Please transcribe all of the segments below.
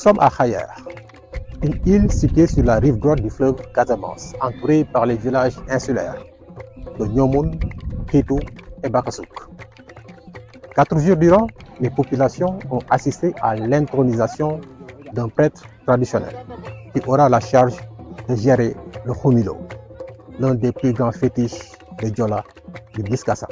sommes à Khayer, une île située sur la rive droite du fleuve Casamance, entourée par les villages insulaires de Nyomoun, Kitu et Bakassouk. Quatre jours durant, les populations ont assisté à l'intronisation d'un prêtre traditionnel qui aura la charge de gérer le Khumilo, l'un des plus grands fétiches de Diola du Biskassa.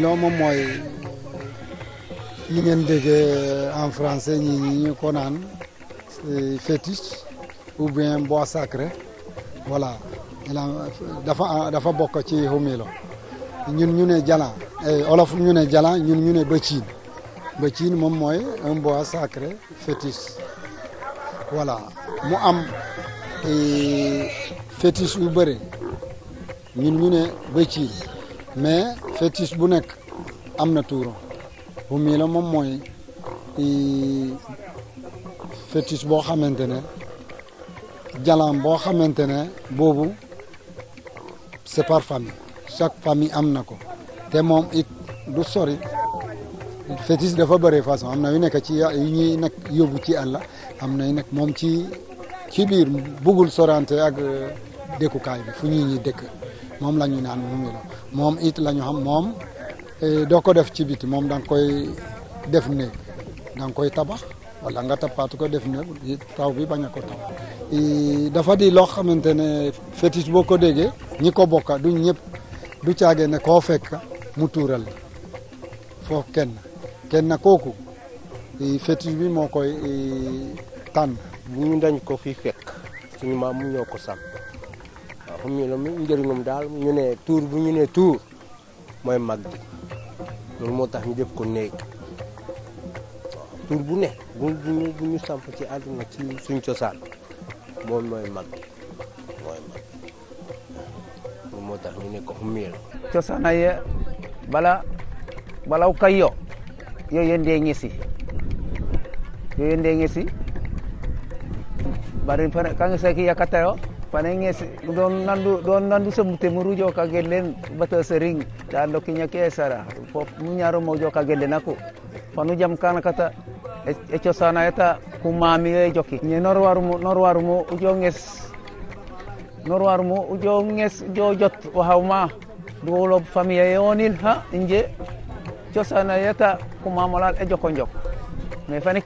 domino moom mooy li ngeen déggee en français ñi ñu ko naan fétiche ou bien bois sacré voilà dafa dafa bokk ci humilo ñun ñu ne jalan olof ñu ne jalan ñun ñu ne bëciin bëciin moom mooy un bois sacré fétiche voilà mu am e, fétiche yu bëri ñun ñu ne mais fétiche bu nekk am na tuuram humila moom mooy fétiche boo xamante ne jalam boo xamante ne boobu c'est par famille chaque famille am na ko te moom it du sori fétiche dafa bëree façon am na yu nekk ci yu ñuy yóbbu ci àlla am na yu nekk moom ci ci biir buggul sorante ak euh, dëkkukaay bi fu ñuy ñi moom la ñuy naan mu la moom it la ñu xam moom eh, doo ko def ci biti moom da koy def néeg da koy tabax wala nga tapaatu ko def néeg taw bi bañ ko taw eh, dafa di loo xamante ne fétiche boo ko déggee ñi ko bokka du ñëpp du caage ne koo fekk mu tuural la foofu kenn kenn kooku eh, fétiche bi moo koy tànn. bu ñu dañ ko fi fekk suñu maam mu ñoo ko sàmm. xam mi ne njëriñam daal ñu ne tuur bu ñu ne tuur mooy mag bi loolu moo tax ñu def ko néeg waaw tuur bu ne buñu bu ñu samp ci àdduna ci suñ cosaan moom mooy mag bi mooy moo tax ñu ne ko xummeel cosaanaye bala balaw kayo yo yende ngesi yo yende ngesi bari fana kanga yakata yo panenge don nandu don nandu se mute murujo ka gelen bata sering da lokinya ke sara pop munyaro mojo ka gelen ako panu jam kana kata echo sana eta kumami e joki nye norwarumo norwarumo ujonges norwarumo ujonges jojot o hawma duwolo famille e onin ha nje chosana eta kumamolal e jokonjok mais fani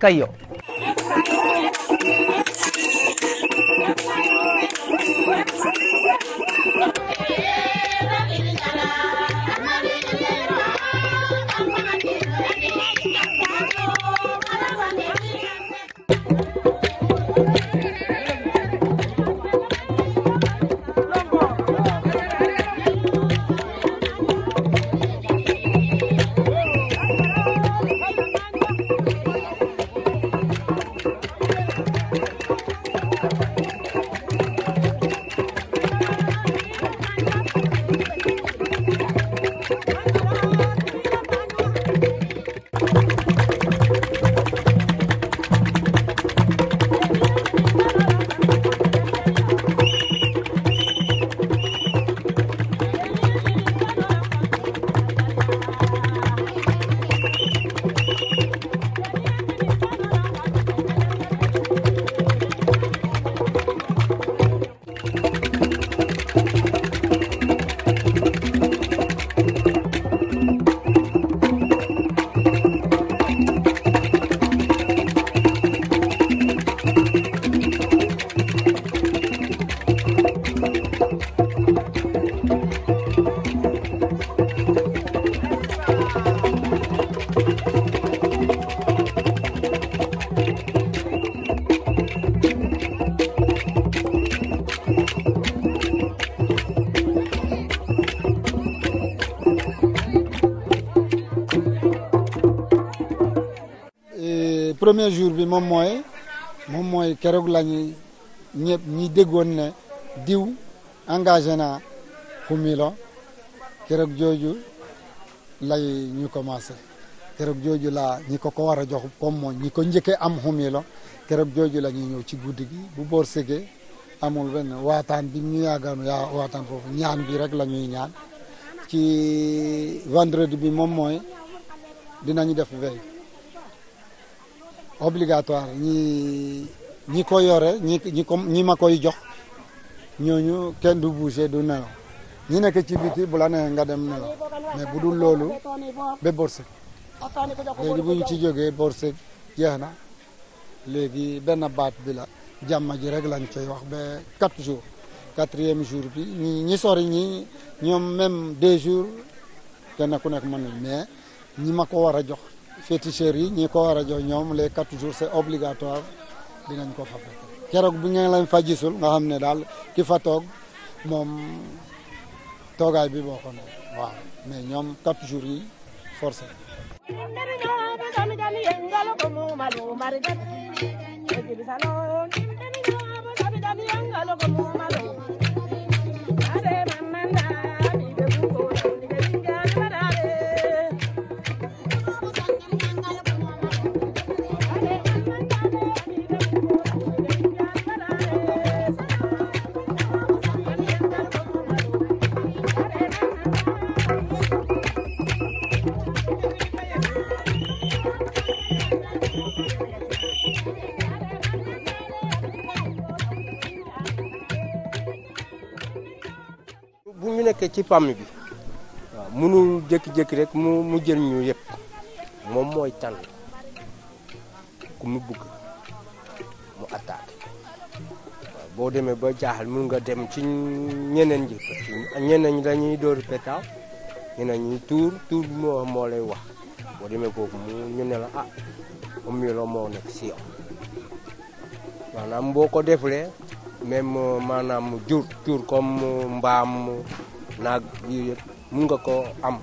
premier jour bi moom mooy moom mooy keroog la ñëpp ñi déggoon ne diw engagena na Xumilo jooju lay ñu commencé keroog jooju la ñi ko ko war a jox comme mooy ñi ko njëkkee am Xumilo keroog jooju la ñuy ñëw ci guddi gi bu boor sëgee amul benn bi ñu yaagaanu yaa waataan foofu ñaan bi rek la ñuy ñaan ci vendredi bi moom mooy dinañu def veille obligatoire ñi ñi ko yore ñii ñi ko ñi ma koy jox ñooñu kenn du bouger du nelaw ñi nekk ci biti bu la neexee nga dem nelaw mais bu dul loolu ba borseg léegi bu ñu ci jógee borseg jeex na léegi benn baat bi la jàmma ji rek lañ koy wax ba quatre jours quatrième jour bi ñi ñi sori ñi ñoom même des jours kenn ku nekk mën nañ mais ñi ma ko war a jox féticheurs yi ñi ko war a jox ñoom les quatre jours c'est obligatoire dinañ ko fa fekk keroog bu ngeen lañ fa gisul nga xam ne daal ki fa toog moom toogaay bi boo ko mais ñoom quatre jours yi forcé nekkee ci PAM bi waaw mënul jékki rek mu mu jël ñu yëpp moom mooy tànn ku mu bëgg mu attaqué waaw boo demee ba jaaxal mun nga dem ci ñeneen ji ñi dañuy dóori pétaaw ñeneen ñi tuur tuur bi moo moo lay wax boo demee kooku mu ñu ne la ah am moo nekk si yow maanaam boo ko defulee même maanaam jur jur comme mbaam naag yii yëpp mun nga koo am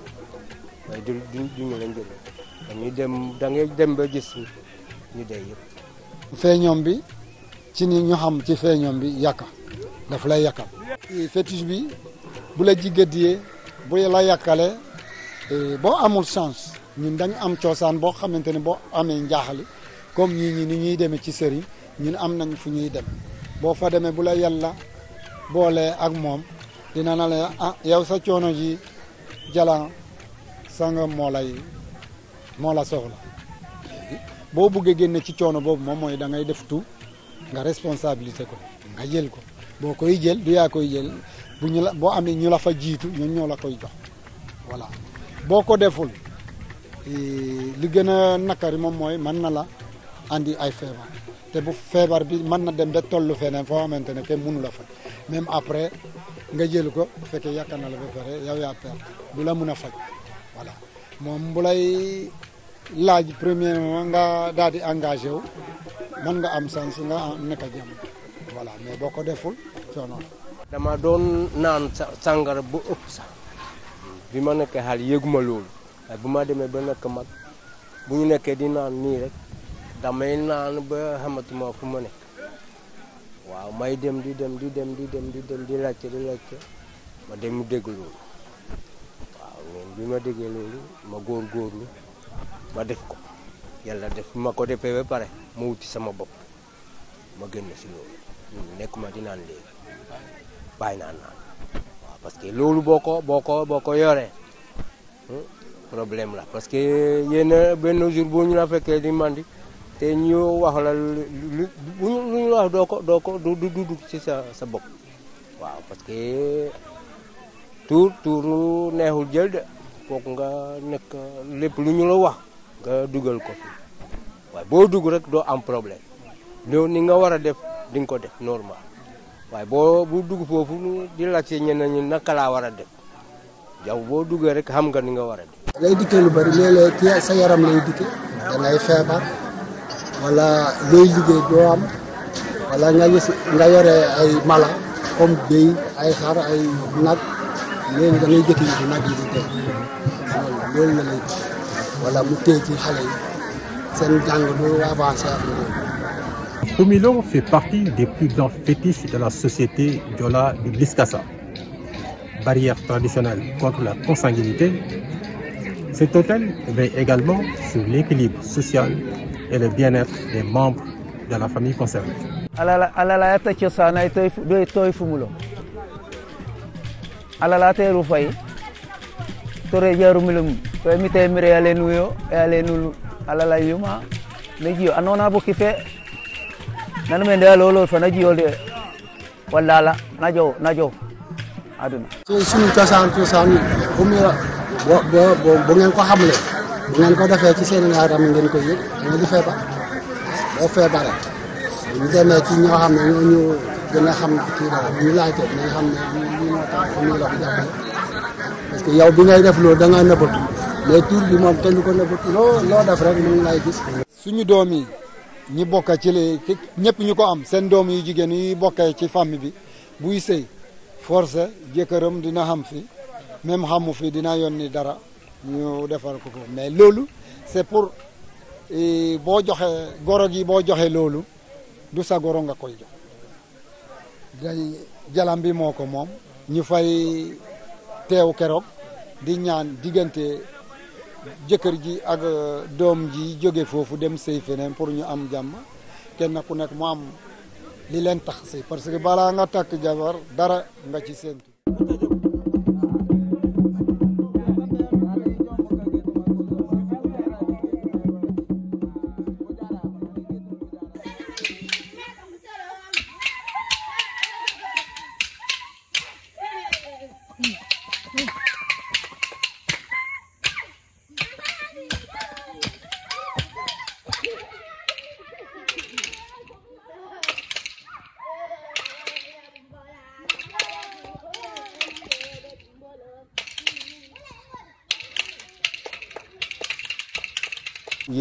waaye du du ñu la njëriñ dem da ngay dem ba gis ñu dee yëpp. feeñoom bi ci ni ñu xam ci feeñoom bi yàkka dafa lay yàkkal. fétiche bi bu la jigéeyee bu la yàkkalee boo amul chance ñun dañ am cosaan boo xamante ne boo amee njaaxali comme ñii ñi ni ñuy demee ci sëriñ ñun am nañ fu ñuy dem boo fa demee bu la yàlla boolee ak moom. dina na la ah yow sa coono ji jalan sangam moo lay moo la soxla boo buggee génne ci coono boobu moom mooy da ngay def tout nga responsabilité ko nga jël ko boo koy jël du yaa koy jël bu ñu la boo amee ñu la fa jiitu ñun ñoo la koy jox voilà boo ko deful li gën a nakari moom mooy mën na la andi ay feebar te bu feebar bi mën na dem ba tollu feneen foo xamante ne kenn mënu la fa même après nga jël ko bu fekkee yàqal na la ba pare yow yaa perte du a faj voilà moom bulay laaj laaj premièrement nga daal di engagé wu mën nga am sens nga nekk jàmm voilà mais boo ko deful coono dama doon naan sàngara bu ëpp sax bi ma nekkee xaal yëguma loolu bu ma demee ba nekk mag bu ñu nekkee di naan nii rek damay naan ba xamatuma fu ma ne waaw may dem di dem di dem di dem di dem di laajte di laajte ma dem dégg loolu waaw ngeen bi ma déggee loolu ma góorgóorlu ma def ko yàlla def ma ko defee ba pare ma wuti sama bopp ma génn si loolu hmm, nekkuma di naan léegi bàyyi naa naan waaw parce que loolu boo ko boo ko boo ko yoree hmm, problème la parce que yéen benn jour boo ñu la fekkee di mandi te ñu wax la lu lu lu wax doo ko doo ko du du ci sa sa bopp waaw parce que tuur tuuru neexul jël de foog nga nekk lépp lu ñu la wax nga dugal ko fi boo dugg rek doo am problème loo ni nga war a def di nga ko def normal waaye boo bu dugg foofu di laajte ñeneen ñi naka laa war a def yow boo duggee rek xam nga ni nga war a def. lay dikkee lu bari léeg-léeg sa yaram lay dikkee da feebar. wala looy liggéey doo wala nga nga ay mala comme béy ay xar ay nag léegi da ngay jëkki ci nag yi di dee loolu la lay wala mu téye ci xale yi seen jàng du avancé ak Pomelo fait partie des plus grands fétiches de la société Diola du Bliskassa. Barrière traditionnelle contre la consanguinité, cet hôtel veille également sur l'équilibre social et le bien-être des membres de la famille concernée. alalata cosaanayi ɗoye toye fumulo alalata yeru fayi tore jarumilum to mi tawi mire ale nuyo e ale nulu alala yuma ne jiyo a noona fe nanu de a fa na jiyolde walla ala na jow na jow aduna cosaan cosaan bu ngeen ko xamle bu ngeen ko defee ci seen yaram ngeen ko yëg moo di feebar boo feebaree ñu demee ci xam ne ñu gën a xam ci dara ñu laajte xam ne ñu la ko jàppale parce que yow bi ngay def loolu da moom kenn ko nëbbatu rek mu ngi lay gis. suñu doom yi ñi bokk ci li ñëpp ñu ko am seen doom yi jigéen yi bokkee ci famille bi buy sëy force jëkkëram dina xam fi même xamu fi dina yónni dara. ñu defar ko ko mais loolu c'est pour eh, boo joxe goro gi boo joxe loolu du sa goro nga koy jox day jalam bi moo ko moom ñu fay teew keroog di ñaan diggante jëkkër ji ak euh, doom ji jóge foofu dem sëy feneen pour ñu am jàmm kenn ku nekk mu am li leen tax sëy parce que balaa nga takk jabar dara nga ci séentu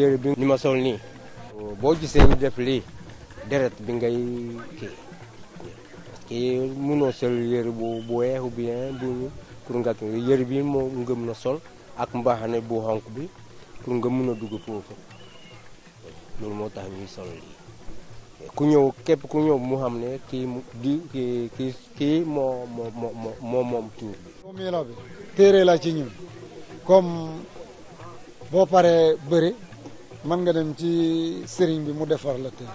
yére bi ni ma sol nii boo gisee ñu def lii deret bi ngay kii parce mënoo sol yére bu bu weex ou bien bu pour nga kii yére bi moo nga mën a sol ak mbaxane bu xonk bi pour nga mën a dugg foofu loolu moo tax ñuy sol lii ku ñëw képp ku ñëw mu xam ne kii di kii kii moo moom tuur bi. téere la ci ñun comme boo paree bëri. man nga dem ci sëriñ bi mu defar la te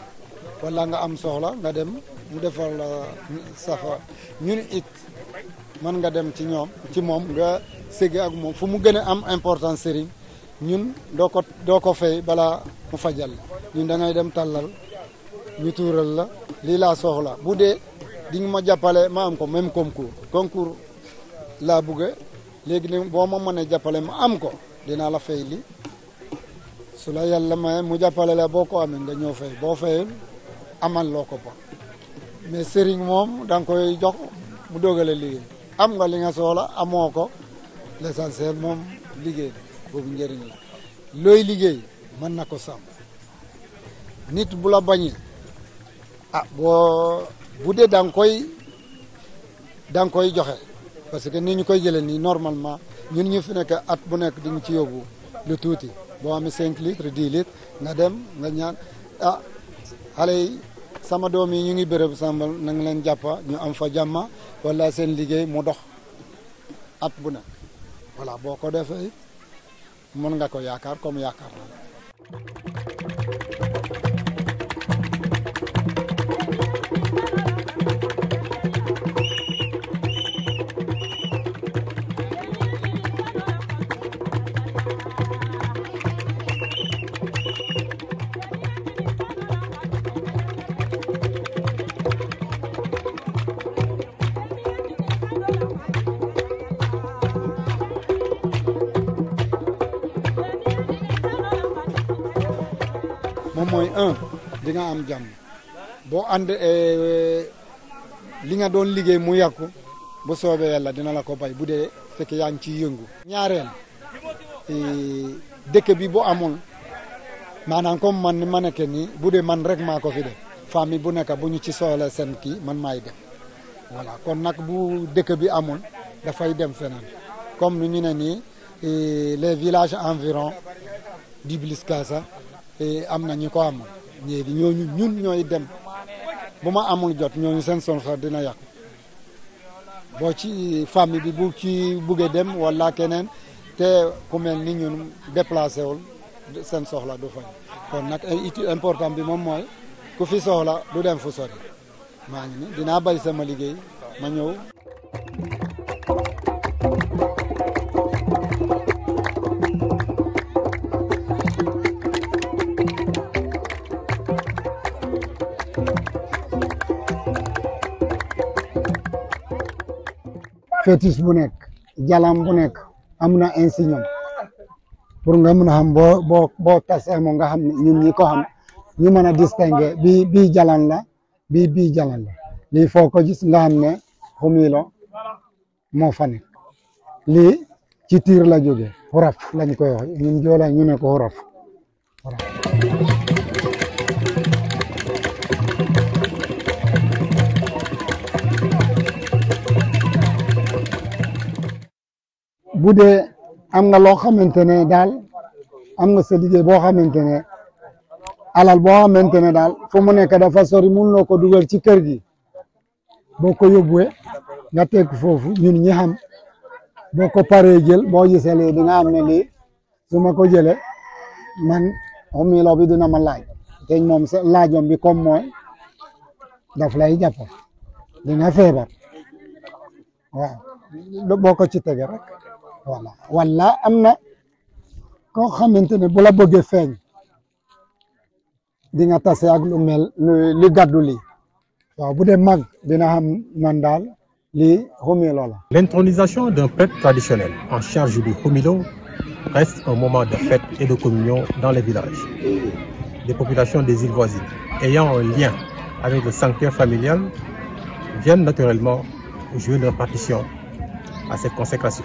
wala nga am soxla nga dem mu defar la safa ñun it mën nga dem ci ñoom ci moom nga sëgg ak moom fu mu gën a am importance sëriñ ñun doo ko doo ko fay balaa mu fajal ñun dangay dem tàllal ñu tuural la lii laa soxla bu dee di ma jàppale ma am ko même concours concours laa bëgg léegi ne boo ma mënee jàppale ma am ko dinaa la fay lii sula la yàlla maye mu jàppale la boo ko amee nga ñëw fay boo fayul amal loo ko ba mais sëriñ moom da koy jox mu dogale liggéey am nga li nga soxla amoo ko l'essentiel moom liggéey boobu njëriñ la looy liggéey mën na ko sàmm nit bula la bañee ah boo bu dee da nga koy da koy joxe parce que ni ñu koy jëlee nii normalement ñun ñu fi nekk at bu nekk di nga ci bu lu tuuti boo amee 5 litres 10 litres nga dem nga ñaan a ah, xale yi sama doom yi ñu ngi béréb sàmbal na leen jàppa ñu am fa jàmma walla seen liggéey mu dox at bu nekk voilà boo ko defee mën nga ko yaakaar comme yaakaar naa mooy un di nga am jàmm boo ànd eh, li nga doon liggéey mu yàqu bu soobee yàlla dina la ko bay bu dee fekk yaa ngi ciy yëngu. ñaareel eh, dëkk bi bu amul maanaam comme man ni ma nekke nii bu dee man rek maa ko fi def famille bu nekk bu ñu ci soxla seen kii man maay def voilà kon nag bu dëkk bi amul dafay dem feneen comme nu ñu ne nii eh, les village environ d'Iblis Casa am na ñi ko amul léegi ñooñu ñun ñooy dem bu ma amul jot ñooñu seen son dina yàqu boo ci famille bi bu ci buggee dem wala keneen te ku mel ni ñun déplacé wul seen soxla du fay kon nag it important bi moom mooy ku fi soxla du dem fu sori maa ngi ni dinaa bay sama liggéey ma ñëw. fétis bu nekk jalam bu nekk am na insignam pour nga mën a xam boo boo boo tasee moom nga xam ne ñun ñi ko xam ñu mën a distinguer bii bii jalan la bi bii jalan la lii foo ko gis nga xam ne xumilo moo fa nekk lii ci tiir la jóge xuraf lañ koy wax ñun joola ñu ne ko xuraf bu dee am nga loo xamante ne daal am nga sa liggéey boo xamante ne alal boo xamante ne daal fu mu nekk dafa sori mun loo ko dugal ci kër gi boo ko yóbbuwee nga teg foofu ñun ñi xam boo ko paree jël boo gisalee di nga am ne lii su ma ko jëlee man xumiloo bi dina ma laaj te moom sa laajoom bi comme mooy daf lay jàpp di nga feebar waaw boo ko ci tege rek voilà wala am na koo xamante ne bu la bëggee feeñ di nga tase ak lu mel li gàddu waaw bu dee mag dina xam man daal lii xumilo la l'intronisation d'un prêtre traditionnel en charge du xumilo reste un moment de fête et de communion dans les villages des populations des îles voisines ayant un lien avec le sanctuaire familial viennent naturellement jouer leur partition à cette consécration.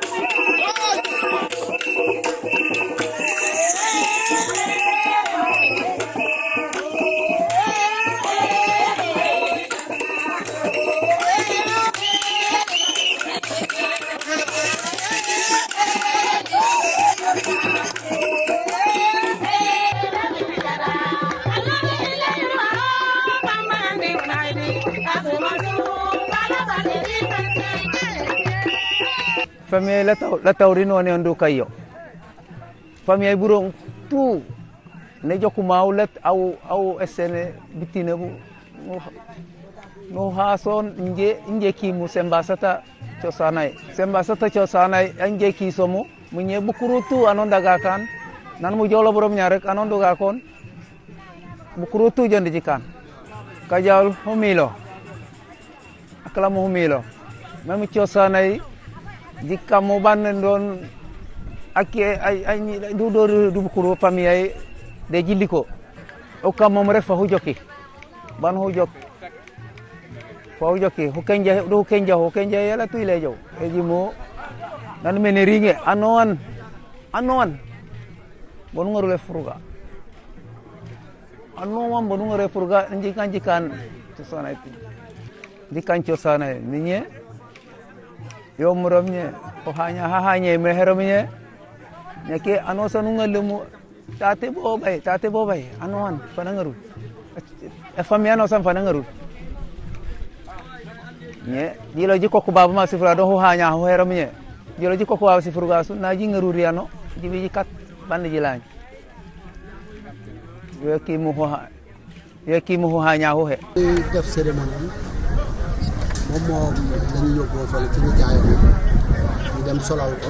famille la taw la tawrinone on du kayyo famille buro tu ne joku mawlat aw aw sene bitine bu no ha mu sembasata cosanai sembasata cosanai nje ki somu bukuru tu anon daga nan mu jolo borom nyarek anon doga bukuru tu jandi jikan kajal humilo akala mu humilo memu cosanai Dikkamu banne ɗon hakke nduɗo dubkuru famille ay de jilli ko o kam mom rek fahu jokki ban hu jok fahu jokki hukenja ɗo hukenja hukenja yala tuyle jaw eji mo nan mene ringe anno wan anno wan bonugorule furga anno wan bonugore furga jikkan jikkan cosana e jikkan cosana miñe yomurom nye ohanya hahanye meherom nye nyake ano sanunga lemu tate bo bay tate bo bay ano an fanangaru e fm ano san fanangaru nye dilo jiko ku babu ma sifra do ohanya ho herom nye dilo jiko ku babu sifru gasu na jingaru riano jibi jikat bande jilani yo ki mu ho yo ki mu ho hanya ho he moom moo dañu yóbboo fële ci ñu jaayoon ñu dem solal ko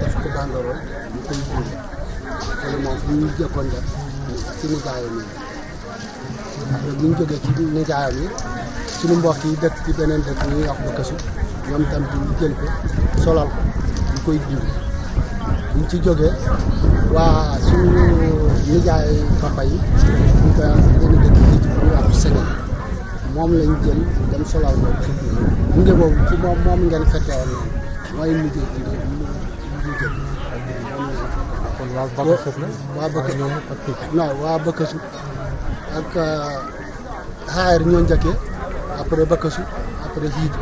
def ko banderole ñu koy buule loolu moom fu jëkkoon def ci ñu yi après bu ñu jógee ci ñu jaayoon yi suñu mbokk yi dëkk ci beneen dëkk ñuy wax ba kësu ñoom tam ñu jël ko solal ko ñu koy buule bu ci jógee waa suñu nijaay papa yi ñu koy benn dëkk ci ñu wax Sénégal moom lañ jël dem solal moom moom ngeen fekkee woon noonu mooy mujj gunge mujj kon waa Bakasub la. waa Bakasub waa Bakasub ak xaar euh, ñoo njëkkee après Bakasub après Hiidi.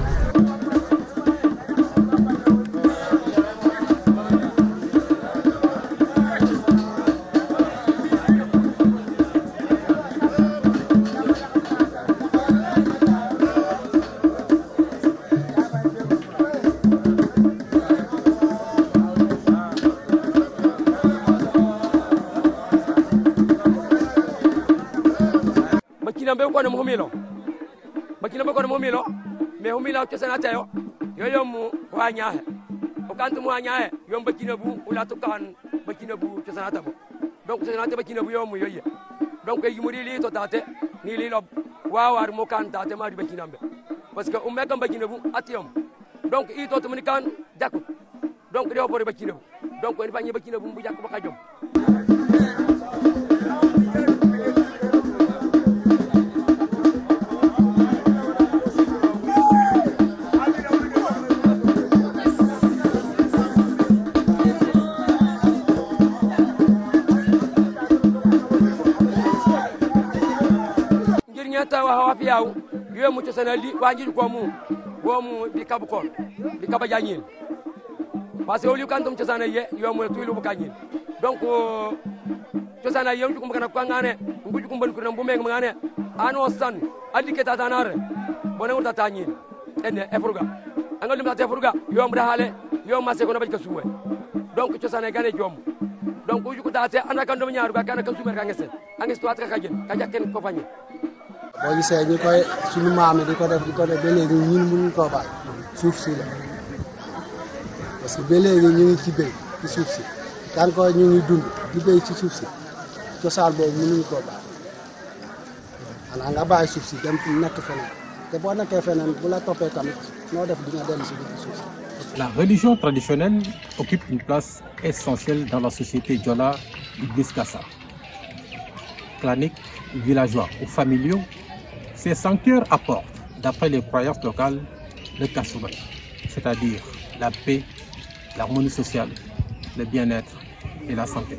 yombe kono mo humilo bakilombe kono mo humilo mais humila to sana tayo yo yo mu wanya he o mu wanya he yo bakina bu ula to kan bakina bu to sana tabo donc to sana tabo bakina bu yo mu yoye donc e yimuri li to tate ni li lo wawar mo kan tate di bakina mbe parce que kan bakina atiyom donc i to to mun kan dakku donc de obore bakina bu donc en fanyi bakina bu yaw yo mu tesana li wanji ko mu wo mu di kabu ko di kaba janyin parce que oli ye yo mu tuilu bu kanyin donc tesana euh, ye njukum kana ko ngane ngu jukum ban kurna bu meg ngane ano san adi ke tatanare bona ngota tanyin ene efurga angal dum ta efurga yo mu dahale yo ma se ko na ba ka suwe donc tesana gane jom donc ujuku date anaka ndom nyaaru ga kana ka sumer ka ngese angestu atka ka jen ka boo gisee ñi koy suñu maam yi di ko def di ko def ba léegi ñun mënuñu koo bàyyi suuf si la parce que ba léegi ñu ngi ci béy ci suuf si tant que ñu ngi dund di ci suuf si cosaan boobu mënuñu koo bàyyi xanaa nga bàyyi suuf si dem nekk feneen te boo nekkee feneen bu la toppee tamit noo def di nga dellu si biir suuf si. La religion traditionnelle occupe une place essentielle dans la société Diola Iblis Kassa. claniques, villageois ou familiaux Ces sanctuaires apportent, d'après les croyances locales, le kassoura, c'est-à-dire la paix, l'harmonie sociale, le bien-être et la santé.